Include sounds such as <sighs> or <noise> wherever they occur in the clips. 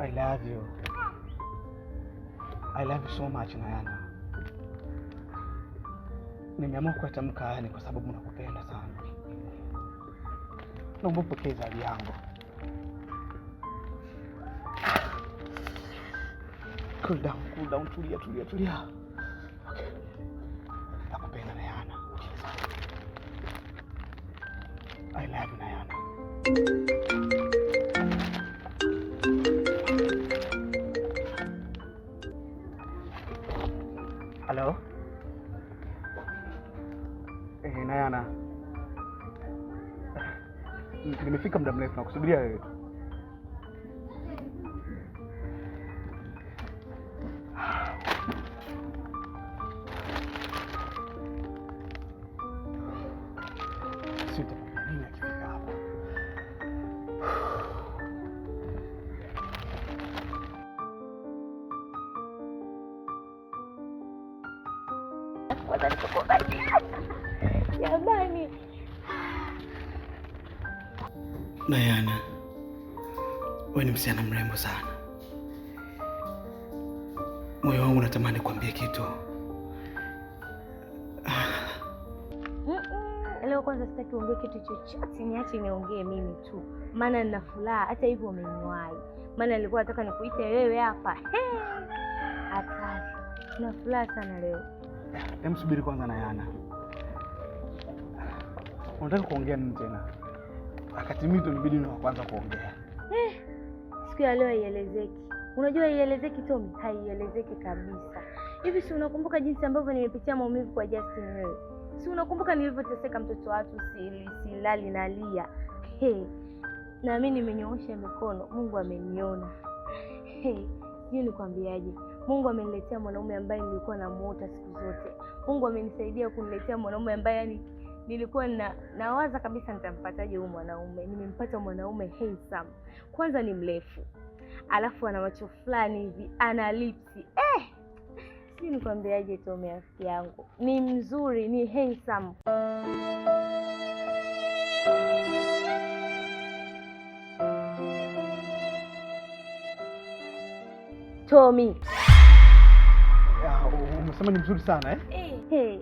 I love you. I love you so much Nayana. Nimeamua kuyatamka haya ni kwa sababu nakupenda sana. Naomba upokee zawadi yangu. Cool down, cool down, tulia, tulia, tulia. Okay. Nakupenda Nayana. I love you Nayana. Rafiki muda mrefu nakusubiria wewe. Jamani Nayana, wewe ni msichana mrembo sana. Moyo wangu natamani kuambia kitu. Leo kwanza sitaki uongee kitu chochote, niache niongee mimi tu, maana nina furaha. Hata hivyo umeniwahi, maana nilikuwa nataka nikuite wewe hapa. Hatari, na furaha sana leo. Hem, subiri kwanza Nayana, unataka kuongea nini tena? wakati mimi na kwanza kuongea eh, siku ya leo haielezeki. Unajua haielezeki Tomi, haielezeki kabisa. Hivi si unakumbuka jinsi ambavyo nimepitia maumivu kwa Justin wewe? Si unakumbuka nilivyoteseka mtoto watu sili silali na lia. Hey, na mimi nimenyoosha mikono, Mungu ameniona. Hey, hiyo nikwambiaje? Mungu ameniletea mwanaume ambaye nilikuwa namuota siku zote. Mungu amenisaidia kuniletea mwanaume ambaye yani nilikuwa na, nawaza kabisa nitampataje huyu mwanaume. Nimempata mwanaume handsome, kwanza ni mrefu, alafu ana macho fulani hivi, ana lipsi eh, sijui nikwambiaje Tome rafiki yangu, ni mzuri, ni handsome. Ya, umesema ni mzuri sana eh? eh. Hey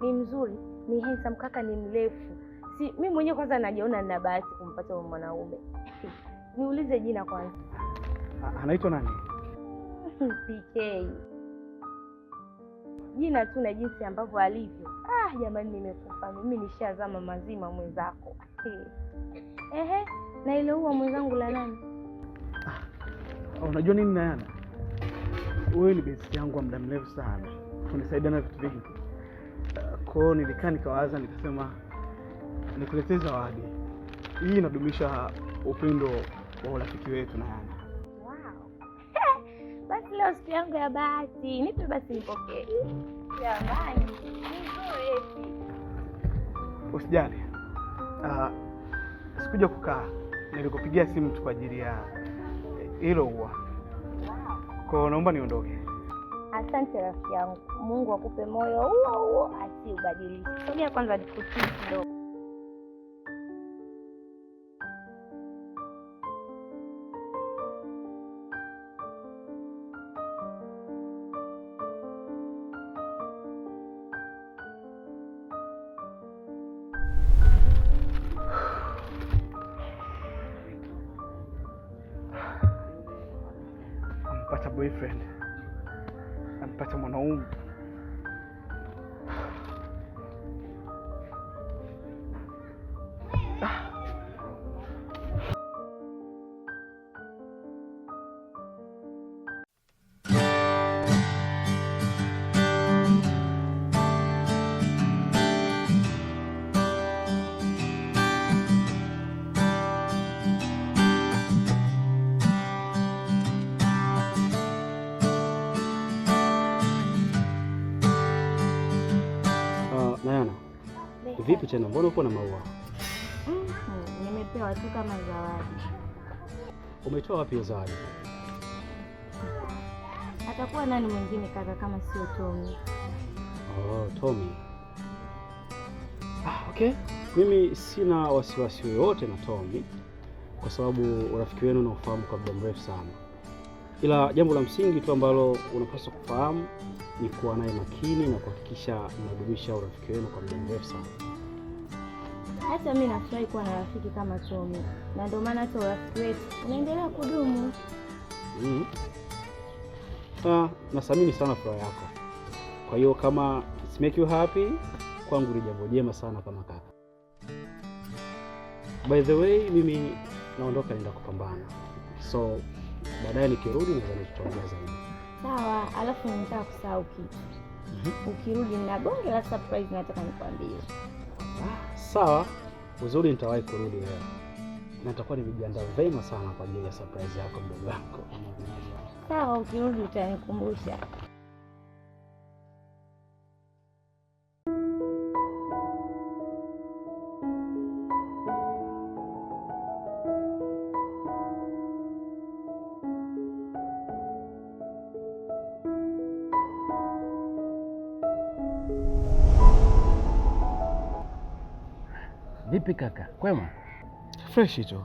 ni mzuri, ni handsome, kaka ni mrefu. Si mimi mwenyewe kwanza najiona nina bahati kumpata mwanaume. <laughs> Niulize jina kwanza. Anaitwa nani? <laughs> PK. Jina tu na jinsi ambavyo alivyo. Ah, jamani nimekufa. Mimi nishazama mazima mwenzako. <laughs> Ehe, na ile huwa mwenzangu la nani? Ah, unajua nini Nayana? Wewe ni besti yangu wa muda mrefu sana. Tunisaidiana vitu vingi. Kwa hiyo nilikaa nikawaza, nikasema nikuletee zawadi hii, inadumisha upendo wa urafiki wetu na Yana. Wow. <laughs> Basi leo siku yangu ya bahati, nipe basi nipokee. Jamani, Usijali. Uh, sikuja kukaa, nilikupigia simu tu kwa ajili ya eh, hilo ua Wow. Kwa naomba niondoke. Asante rafiki yangu, Mungu akupe moyo huo huo ubadilike. Sogea kwanza nikutii kidogo. <sighs> boyfriend. Vai tomar kitu tena, mbona uko na maua? Mm, nimepewa tu kama zawadi. Umetoa wapi zawadi? Atakuwa nani mwingine kaka kama sio Tommy? Oh, Tommy. Ah, okay. Mimi sina wasiwasi wowote na Tommy kwa sababu urafiki wenu ufahamu kwa muda mrefu sana, ila jambo la msingi tu ambalo unapaswa kufahamu ni kuwa naye makini na kuhakikisha mnadumisha urafiki wenu kwa muda mrefu sana. Hata mi nafurahi kuwa na rafiki kama Tomi, na ndio maana hata urafiki wetu unaendelea kudumu. Mm. Ah, nasamini sana furaha yako. Kwa hiyo kama it's make you happy, kwangu ni jambo jema sana kama kaka. By the way, mimi naondoka nenda kupambana, so baadaye nikirudi naweza nikutongea zaidi. Sawa, alafu nataka kusahau kitu. Mm -hmm. Ukirudi na bonge la surprise nataka nikwambie sawa, uzuri nitawahi kurudi leo na nitakuwa nimejiandaa vema sana kwa ajili ya surprise yako mdogo wako. Sawa, ukirudi utanikumbusha Vipi kaka, kwema? Freshi tu.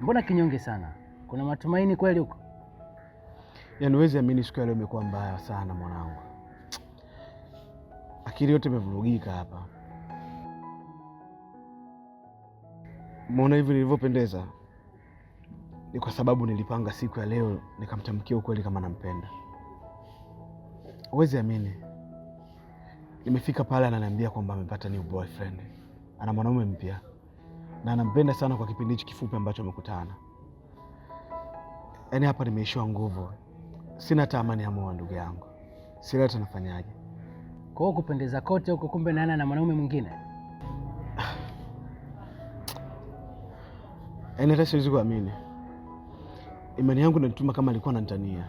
Mbona kinyonge sana? Kuna matumaini kweli huko? Yaani huwezi amini, siku ya leo imekuwa mbaya sana mwanangu, akili yote imevurugika hapa. Umeona hivi nilivyopendeza? Ni kwa sababu nilipanga siku ya leo nikamtamkia ukweli kama nampenda. Huwezi amini, nimefika pale ananiambia kwamba amepata new boyfriend ana mwanaume mpya na anampenda sana kwa kipindi hichi kifupi ambacho amekutana. Yaani hapa nimeishiwa nguvu, sina hata amani ya moyo, ndugu yangu, sila tunafanyaje? Kwa hiyo kupendeza kote huko, kumbe naana na mwanaume mwingine. <sighs> Yaani hata siwezi kuamini, imani yangu inanituma kama alikuwa ananitania.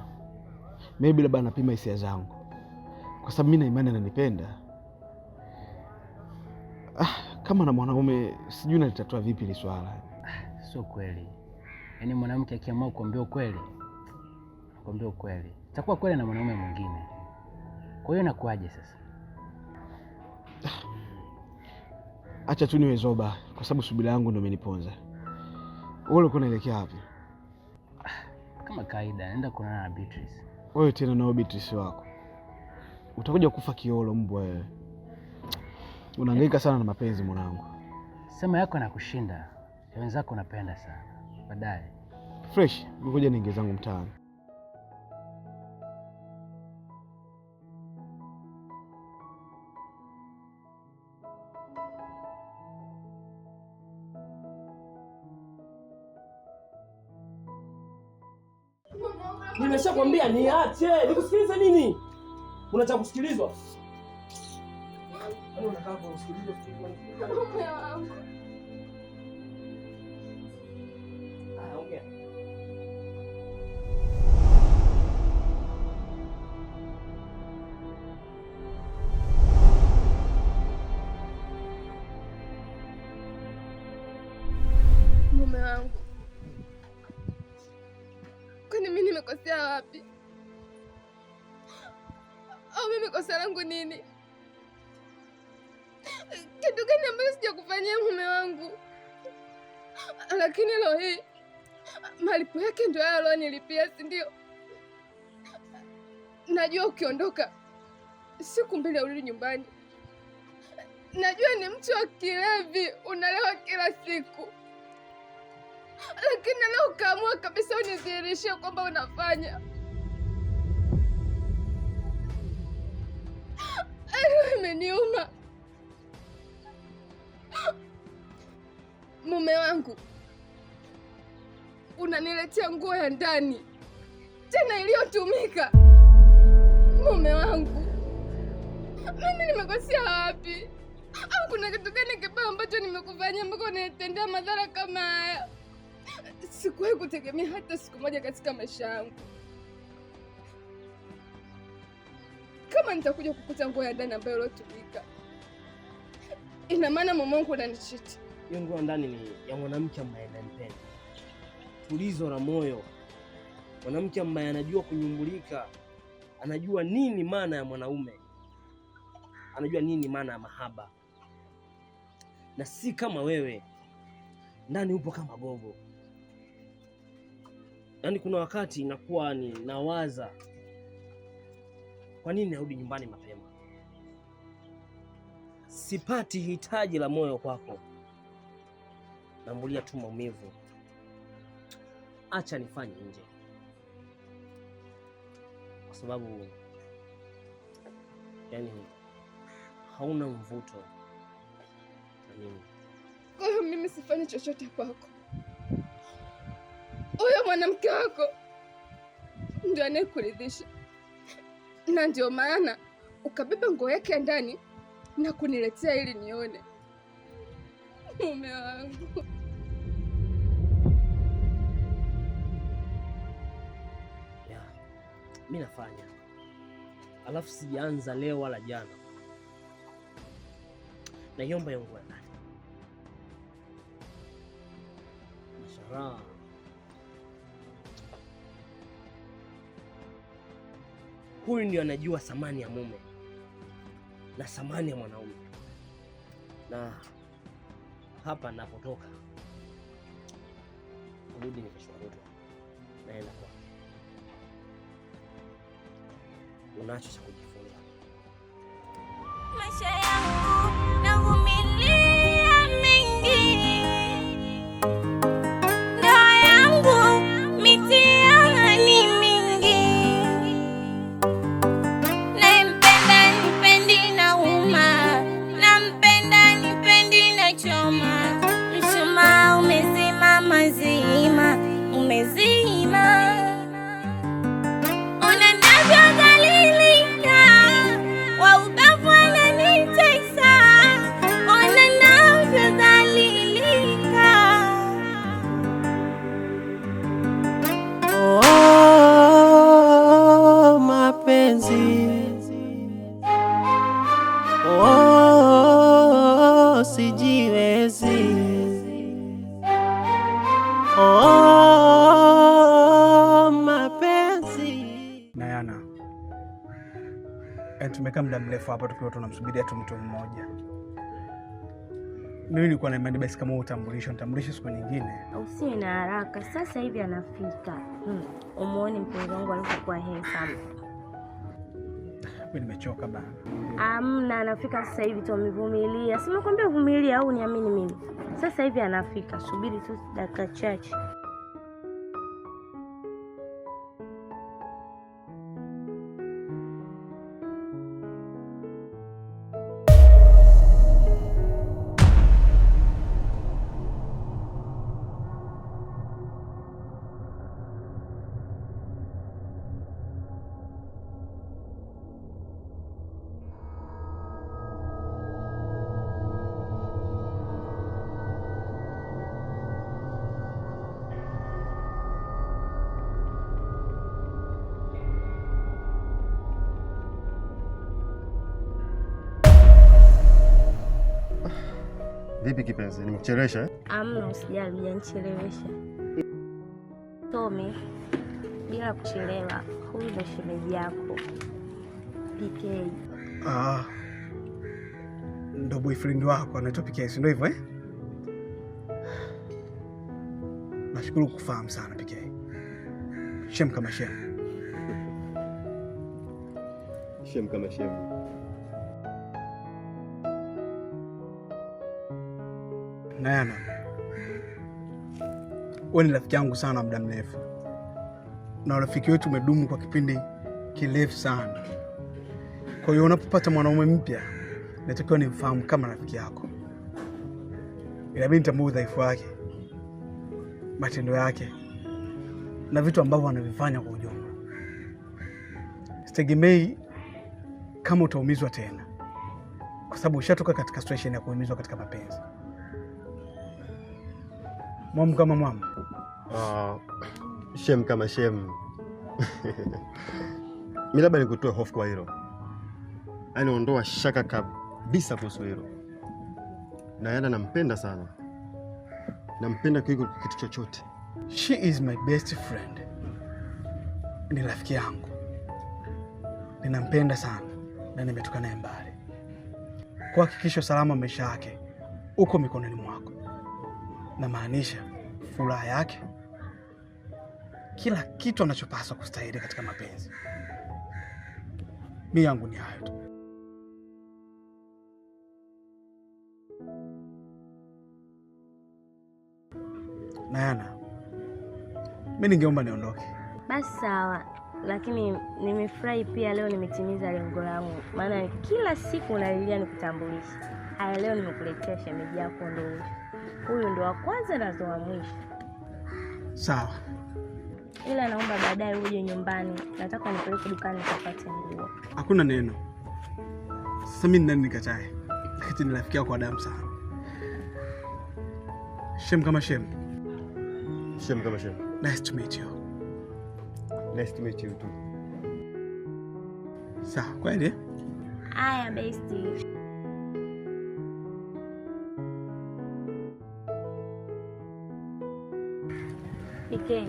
Maybe labda anapima hisia zangu, kwa sababu mimi na imani ananipenda. Ah, kama na mwanaume sijui nalitatua vipi hili swala. Ah, sio kweli. Yaani mwanamke akiamua kuambia ukweli, kuambia ukweli takuwa kweli na mwanaume mwingine. Kwa hiyo nakuaje sasa? Ah, acha tu niwe zoba, kwa sababu subira yangu ndio imeniponza. Wewe ulikuwa unaelekea wapi? Ah, kama kawaida, naenda kuonana na Beatrice. Wewe tena nao Beatrice wako utakuja kufa kiolo, mbwa wewe. Unahangaika sana na mapenzi mwanangu. Sema yako na kushinda ya wenzako unapenda sana baadaye. Fresh, ngoja niingie zangu mtaani. Nimeshakwambia niache, nikusikilize nini? Unataka kusikilizwa? <laughs> 我没有。kitu gani ambayo sijakufanyia mume wangu? Lakini leo hii malipo yake ndio hayo alionilipia, si ndio? Najua ukiondoka siku mbili urudi nyumbani. Najua ni mtu wa kilevi, unalewa kila siku, lakini leo ukaamua kabisa unidhihirishie kwamba unafanya imeniuma. Mume wangu unaniletea nguo ya ndani tena iliyotumika. Mume wangu mimi nimekosea wapi? Au kuna kitu gani kibaya ambacho nimekufanyia mpaka unanitendea madhara kama haya? Sikuwahi kutegemea hata siku moja katika maisha yangu kama nitakuja kukuta nguo ya ndani ambayo iliotumika. Ina maana mume wangu unanichiti hiyo nguo ndani ni ya mwanamke ambaye anampenda, tulizo la moyo, mwanamke ambaye anajua kunyumbulika, anajua nini maana ya mwanaume, anajua nini maana ya mahaba, na si kama wewe ndani upo kama gogo. Yaani kuna wakati nakuwa ni nawaza kwa nini narudi nyumbani mapema, sipati hitaji la moyo kwako namulia tu maumivu, acha nifanye nje, kwa sababu yani hauna mvuto na mimi. Kwa hiyo mimi sifanyi chochote kwako. Huyo mwanamke wako ndio anayekuridhisha, na ndio maana ukabeba nguo yake ya ndani na kuniletea ili nione mume wangu. mi nafanya, alafu sijaanza leo wala jana. Naiomba yangu ndani masharaha Huyu ndio anajua thamani ya mume na thamani ya mwanaume, na hapa napotoka kurudi ni naenda kwa unacho cha kujifunza maisha mrefu hapa tukiwa tunamsubiria tu mtu mmoja. Mimi nilikuwa na imani basi kama utambulisho nitambulisha siku nyingine. Usiwe na haraka, sasa hivi anafika. Hmm. Umuone mpenzi wangu alivyokuwa heri sana. Mimi nimechoka bana. Amna, anafika sasa hivi tu, umevumilia. Simekwambia vumilia uvumilia au niamini mimi. Sasa hivi anafika, subiri tu dakika chache. Vipi kipenzi, nimekuchelewesha eh? Amna, ah, usijali, hujanichelewesha. Tomi, bila kuchelewa, huyu ndo shemeji yako PK. Ah, ndo boyfriend wako anaitwa PK, si ndio hivyo eh? Nashukuru kufahamu sana PK. Shem kama shem, shem kama shem. Nayana, wewe ni rafiki yangu sana muda mrefu, na urafiki wetu umedumu kwa kipindi kirefu sana. Kwa hiyo unapopata mwanaume mpya, natakiwa nimfahamu kama rafiki yako, inabidi nitambue udhaifu wake, matendo yake na vitu ambavyo anavifanya kwa ujumla. Sitegemei kama utaumizwa tena, kwa sababu ushatoka katika situation ya kuumizwa katika mapenzi mwamu kama mwamu. Uh, shem kama shem <laughs> mi labda nikutoe hofu kwa hilo, yaani ondoa shaka kabisa kuhusu hilo. Nayana nampenda sana, nampenda kuliko kitu chochote. She is my best friend, ni rafiki yangu, ninampenda sana na nimetoka naye mbali. Kuhakikisha salama maisha yake uko mikononi mwako na maanisha furaha yake, kila kitu anachopaswa kustahili katika mapenzi. Mi yangu ni hayo tu. Nayana, mi ningeomba niondoke basi. Sawa, lakini nimefurahi pia, leo nimetimiza lengo langu, maana kila siku unalilia nikutambulisha. Haya, leo nimekuletea shemeji yako, ndio huyu ndo wa kwanza na ndo wa mwisho. Sawa, ila naomba baadaye uje nyumbani, nataka nipeleke dukani nikapate nguo. Hakuna neno. Sasa mimi nani nikatae, lakini ni rafiki yako kwa damu sana. Shem kama shem. Shem kama shem. Nice to meet you. Nice to meet you too. Sawa, kweli? Aya, bestie. K.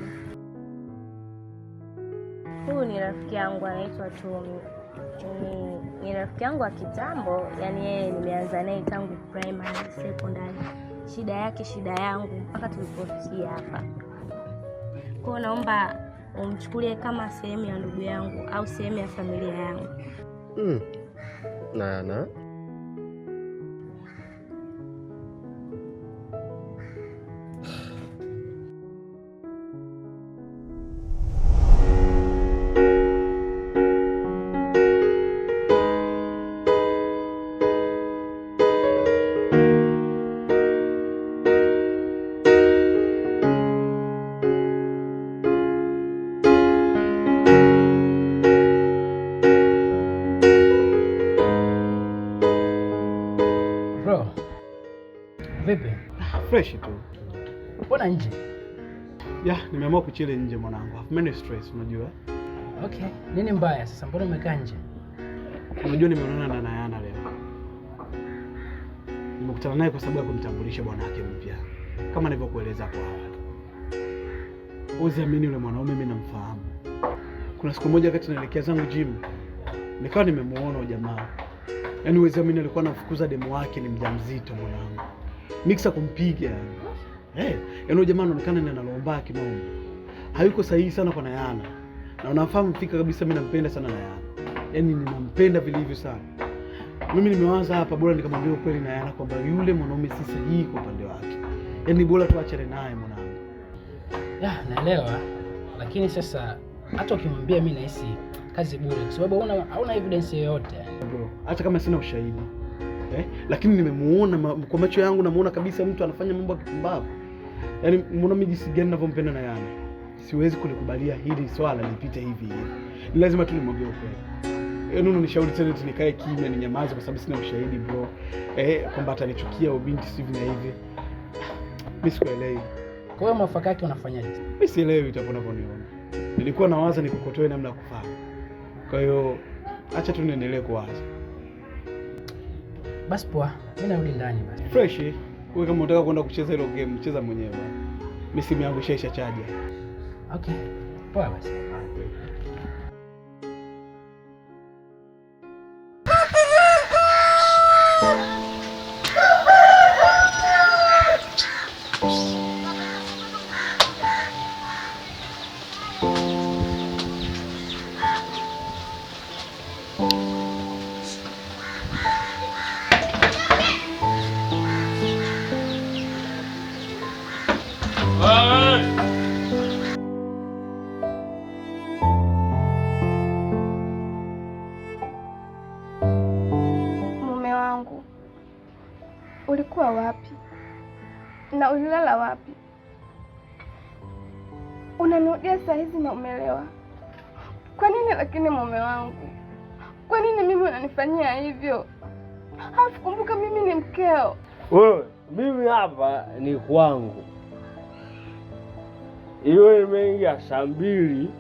Huyu ni rafiki yangu anaitwa Tumi. Ni, ni rafiki yangu wa kitambo, yani yeye nimeanza naye tangu primary, secondary, shida yake shida yangu mpaka tulipofikia hapa. Kwa hiyo naomba umchukulie kama sehemu ya ndugu yangu au sehemu ya familia yangu. Mm. na. fresh tu. Mbona nje? Ya, nimeamua kuchile nje mwanangu. many stress unajua. Okay, nini mbaya sasa? Mbona umekaa nje? Unajua nimeonana na Nayana leo. Nimekutana naye kwa sababu ya kumtambulisha bwana wake mpya. Kama nilivyokueleza kwa awali. amini yule mwanaume mimi namfahamu. Kuna siku moja wakati naelekea zangu gym, nikawa nimemuona jamaa. Yaani amini alikuwa anafukuza demu wake ni mjamzito mwanangu. Mixer kumpiga Eh, Yaani jamaa anaonekana ni analomba kimaombi, hayuko sahihi sana kwa Nayana, na unafahamu fika kabisa mimi nampenda sana Nayana, yaani ninampenda vilivyo sana. Mimi nimewaza hapa, bora nikamwambia ukweli Nayana kwamba yule mwanaume si sahihi kwa upande wake, yaani bora tuachane naye mwanangu. Naelewa, lakini sasa hata ukimwambia mimi nahisi kazi bure, kwa sababu hauna evidence yoyote. Bro, hata kama sina ushahidi eh? Lakini nimemuona kwa macho yangu, namuona kabisa mtu anafanya mambo ya kipumbavu. Yaani muona mimi jinsi gani ninavyompenda na yana, siwezi kulikubalia hili swala lipite hivi hivi, ni lazima tu nimwambie ukweli. Yaani nishauri tena eti nikae kimya ninyamaze kwa sababu sina ushahidi bro, eh, kwamba atanichukia ubinti sivi na hivi, mimi sikuelewi. Kwa hiyo mafaka yake unafanyaje? Mimi sielewi itaponaponiona, nilikuwa nawaza nikukotoe namna ya kufanya. Kwa hiyo acha tu niendelee kuwaza. Basi poa, mimi narudi ndani basi. Fresh, wewe kama unataka kwenda kucheza hilo game, cheza mwenyewe. Mimi simu yangu ishaisha chaja. Okay. Poa basi. <laughs> ulilala wapi? Unaniudia saa hizi na umelewa? Kwa nini lakini mume wangu? Kwa nini mimi unanifanyia hivyo? Halafu kumbuka mimi ni mkeo wewe. Mimi hapa ni kwangu, iwe imeingia saa mbili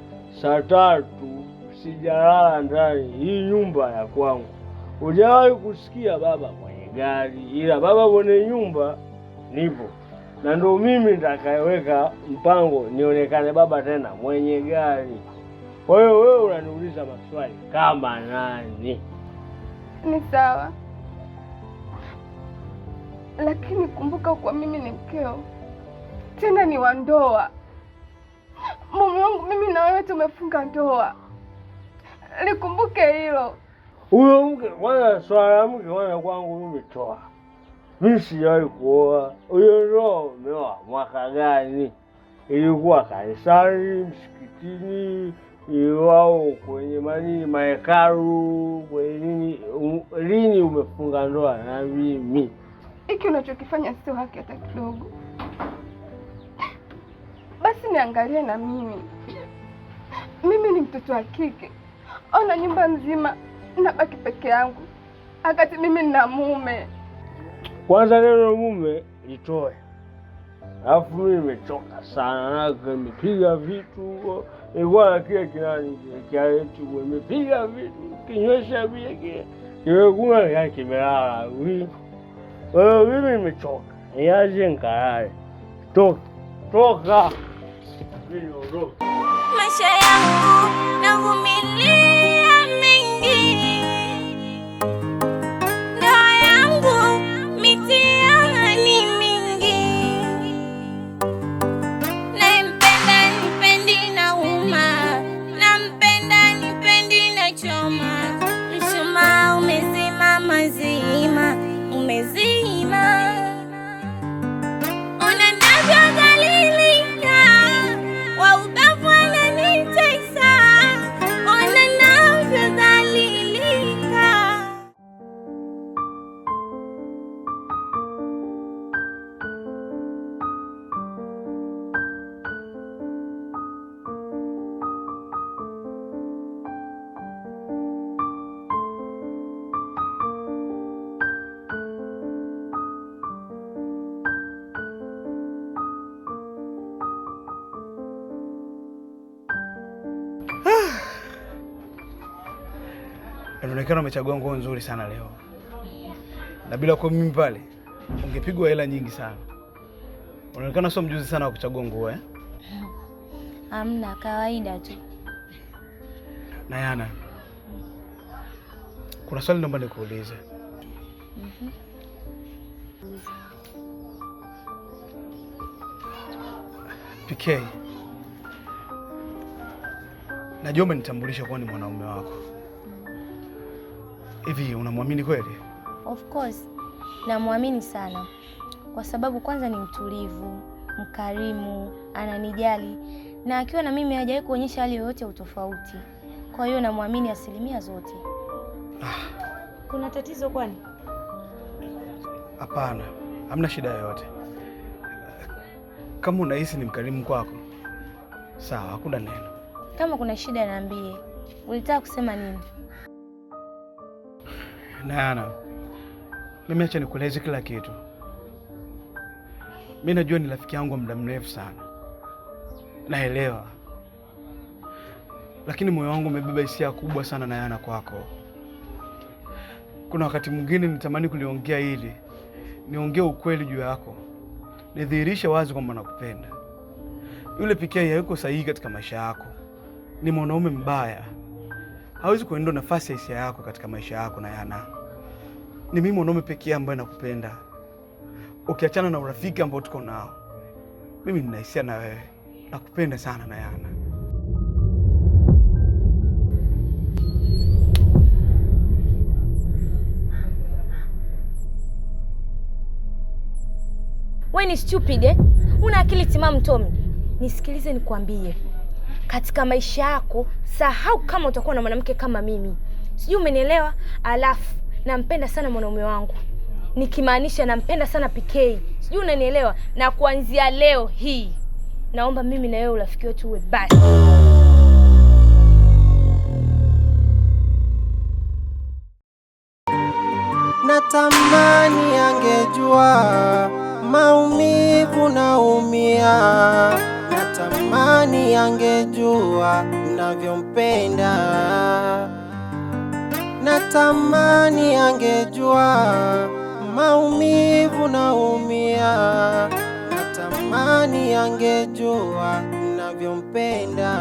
saa tatu sijalala ndani. Hii nyumba ya kwangu. Hujawahi kusikia baba mwenye gari, ila baba mwenye nyumba nipo na ndo mimi nitakayeweka mpango nionekane baba tena mwenye gari. Kwa hiyo wewe unaniuliza maswali kama nani? Ni sawa, lakini kumbuka kuwa mimi ni mkeo, tena ni wa ndoa. Mume wangu mimi na wewe tumefunga ndoa, likumbuke hilo. Huyo mke kwanza, swala mke kwanza kwangu mimi toa mi sijawahi kuoa. Huyo ndoa umeoa mwaka gani? Ilikuwa kanisani, msikitini, iwao kwenye manii mahekalu, kwenye nini? Lini umefunga ndoa na mimi? Hiki unachokifanya sio haki hata kidogo. Basi niangalie na mimi, mimi ni mtoto wa kike. Ona nyumba nzima nabaki peke yangu, akati mimi nina mume kwanza neno mume litoe. Alafu mimi nimechoka sana nake, nimepiga vitu ilikuwa kile kinani kiaetu, imepiga vitu kinywesha bia kile kimekuna yani kimelala. Kwa hiyo mimi nimechoka, niache nikalale. Toka toka, maisha yangu navumilia mengi inaonekana umechagua nguo nzuri sana leo, na bila kwa mimi pale ungepigwa hela nyingi sana. Unaonekana sio mjuzi sana wa kuchagua nguo eh? Hamna, kawaida tu. Nayana, kuna swali naomba nikuulize. mm -hmm. PK, najua umenitambulisha kuwa ni mwanaume wako Hivi unamwamini kweli? Of course namwamini sana, kwa sababu kwanza ni mtulivu, mkarimu, ananijali na akiwa na mimi hajawahi kuonyesha hali yoyote ya utofauti. Kwa hiyo namwamini asilimia zote. Ah. Kuna tatizo kwani? Hapana, hamna shida yoyote. Kama unahisi ni mkarimu kwako, sawa, hakuna neno. Kama kuna shida niambie. Ulitaka kusema nini? Nana, mimi acha nikueleze kila kitu. Mi najua ni rafiki yangu wa muda mrefu sana, naelewa, lakini moyo wangu umebeba hisia kubwa sana na Yana kwako. Kuna wakati mwingine nitamani kuliongea hili, niongee ukweli juu yako, nidhihirishe wazi kwamba nakupenda. Yule pekee hayuko sahihi katika maisha yako, ni mwanaume mbaya, hawezi kuendea nafasi ya hisia yako katika maisha yako na Yana ni mimi mwanaume pekee ambaye nakupenda, ukiachana na urafiki ambao tuko nao. Mimi ninahisia na wewe, nakupenda sana Nayana. We ni stupid eh? Una akili timamu Tommy? Nisikilize nikwambie, katika maisha yako sahau kama utakuwa na mwanamke kama mimi, sijui umenielewa? Alafu nampenda sana mwanaume wangu, nikimaanisha nampenda sana PK, sijui unanielewa. Na kuanzia leo hii naomba mimi na wewe urafiki wetu uwe basi. Natamani angejua maumivu naumia, natamani angejua navyompenda natamani angejua maumivu naumia, natamani angejua navyompenda.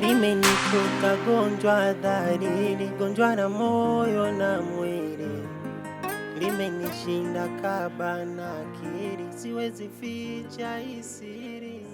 Limenikuta gonjwa dhalili, gonjwa na moyo na mwili, limenishinda kaba na akili, siwezi ficha isiri